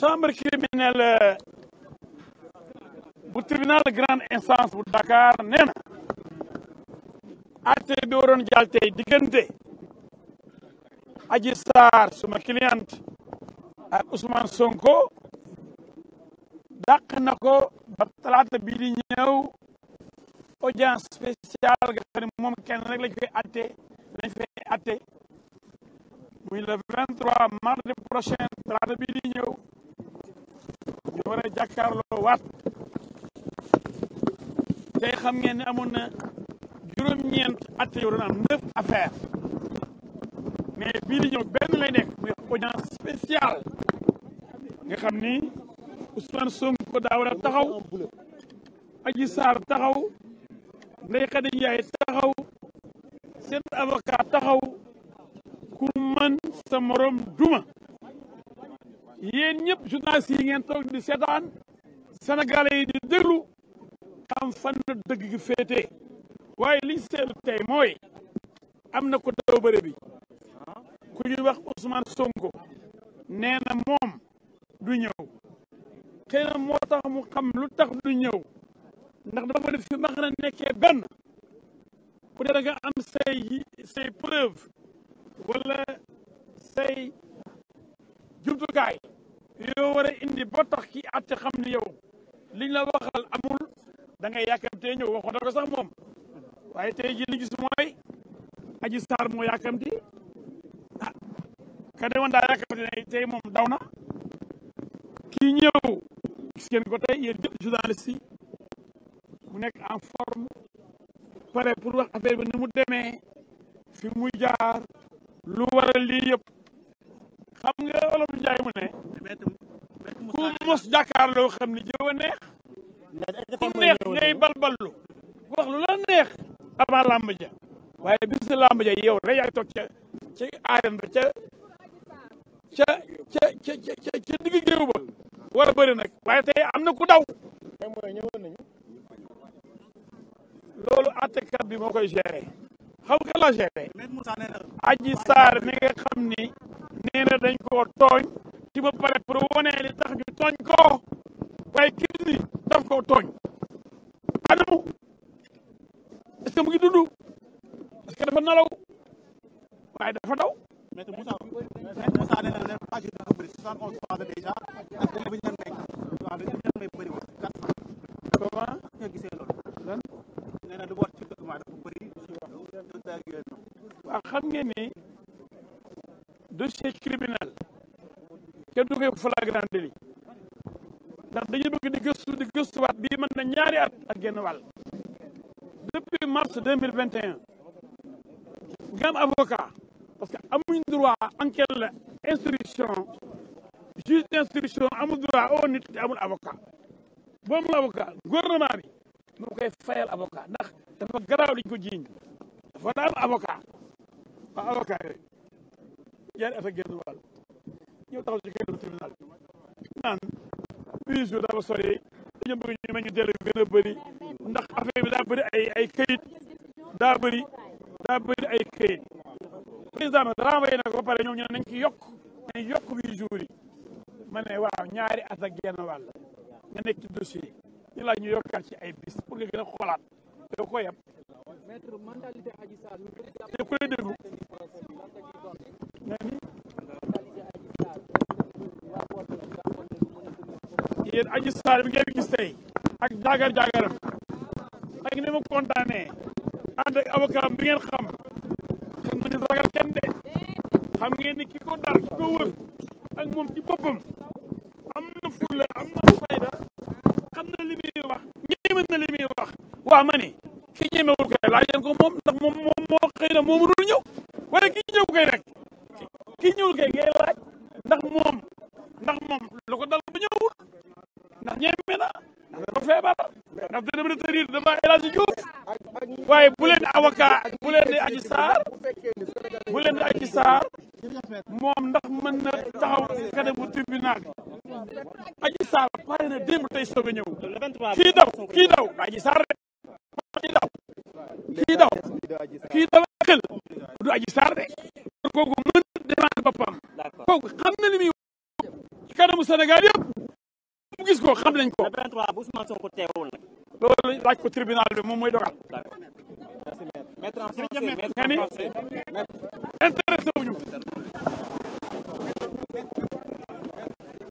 chambre criminelle bu tribunal grande instance bu Dakar nee na atte bi waroon jàll tey diggante Adji Sarr suma cliente ak Ousmane Sonko dàq na ko ba talaata bii di ñëw audience spéciale moom kenn rek lañ fay atte lañ fay atte muy le 23 prochain talaata bii war a jàkkaarloo waat tey xam ngeen ne amoon na juróom-ñeent at yoo am neuf affaires mais bii di ñëw benn lay nekk muy audience nga xam ni Ousmane Sonko daa war a taxaw Adji Sarr taxaw Ndeye Khady Ndiaye taxaw seen avocat taxaw ku mën sa morom duma yéen ñëpp journaliste yi ngeen toog di seetaan sénégalais yi di déglu xam fan la dëgg gi waaye liñ seetlu tey mooy am na ko daw bëre bi ku ñuy wax Ousmane Sonko nee na moom du ñëw xëy moo tax mu xam lu tax du ñëw ndax dafa def fi ma xam nekkee benn ku dee da am say say preuve wala say jumtukaay yoo war a indi ba tax ki àtte xam ni yow liñ la waxal amul da ngay yàkkamtee ñëw waxoon ko sax moom waaye tey ji li gis mooy aji saar moo yàkkamti ah ka demoon daa yàkkamti ne tey moom daw na kii ñëw gis ngeen ko tey yéen mu nekk en forme pare pour wax affaire bi ni mu demee fi muy jaar lu waral lii yëpp xam nga olof Njaay mu ne ku mos jàkkaar loo xam ne jëw a neex ku neex ngay balballu wax lu la neex avant làmb ja waaye bis na làmb ja yow rek yaay toog ca ca aayam ba ca ca ca ca ca ca ba war a bëri nag waaye tey am na ku daw loolu àttekat bi moo koy gérer xam nga la géré Adji Sarr mi nga xam ni nee na dañ koo tooñ ci ba pare pour wone li tax ñu tooñ ko waaye kii ni daf koo tooñ anamu est mu ngi dund est dafa nalaw waaye dafa daw waa xam ngeen ni dossier criminel kenn du koy flagrant délit ndax dañu bëgg di gëstu di bii mën na ñaari at ak genn wàll depuis mars deux mille vingt et un nga avocat parce que amuñ droit enquête la instruction juge d'instruction droit oo nit te amul avocat boo amul avocat gouvernement bi moo koy fayal avocat ndax dafa garaaw liñ ko jiiñ dafa daan avocat waa avocat yooyu ñaari at ak genn wàll ñëw taxaw ci kenn tribunal bi naan juge bi dafa sori dañu bëgg ñu ma ñu dellu gën a bëri ndax affaire bi daa bëri ay ay këyit daa bëri daa bëri ay këyit président bi renvoyé na ko pare ñoom ñu ne nañ ci yokk nañ yokk huit jours ma ne waaw ñaari at ak genn wàll nga nekk ci dossier yi ñu ñu yokkaat ci ay bis pour nga gën a xoolaat yow ko yàpp maître mentalité Adji i ñu bëri jàpp te koy déglu tey ak jaagar jaagaram ak ni mu kontaanee ànd ak avocat bi xam xam nga ragal kenn de xam ngeen ki ko ki ko wër ak moom ci boppam am na fulla am na fayda xam na li muy wax ñeme na li wax waa ma ñemewul kay laaj leen ko moom ndax moom moom moo xëy na moom mënul ñëw waaye ki ñëw kay kii ki ñëwul kay ngay laaj ndax moom ndax moom lu ko dal ba ñëwul ndax ñeme na ndax dafa feebar ndax dana mën a tëriir dama El Hadji Diouf waaye bu leen di avocat bu leen di Adji Sarr bu leen di Adji Sarr moom ndax mën na taxaw kanamu tribunal Adji Sarr pare na démb tey soog a ñëw kii daw kii daw Adji Sarr kii daw kii daw kii daw xel du aji saar de kon kooku mën défendre boppam kooku xam na li kanamu Sénégal yëpp gis ko xam nañ ko bu Ousmane Sonko teewul nag loolu laaj ko tribunal bi moom mooy dogal maître en français maître